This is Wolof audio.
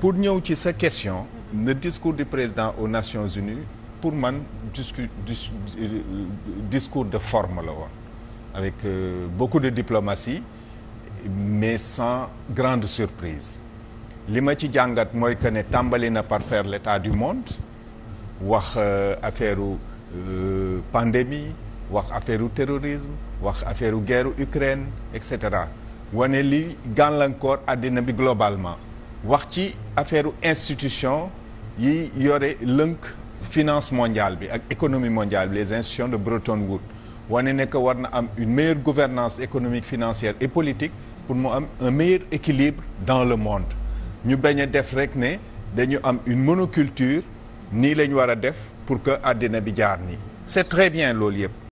pour ñëw ci sa question le discours du président aux Nations Unies pour man discu discours de forme la woon avec euh, beaucoup de diplomatie mais sans grande surprise li ma ci jàngat mooy que ne tàmbali na par faire l'état du monde wax euh, affaire u euh, pandémie wax affaire u terrorisme wax affaire u guerre Ukraine et cetera wane li gàllankoor àddina bi globalement wax ci affaire institution yi yore lënk finance mondiale bi ak économie mondiale bi les institutions de Bretton Woods wane ne war na am une meilleure gouvernance économique financière et politique pour mu am un meilleur équilibre dans le monde ñu bañ a def rek ne dañu am une monoculture nii la ñu war a def pour que àddina bi jaar nii c'est très bien loolu yëpp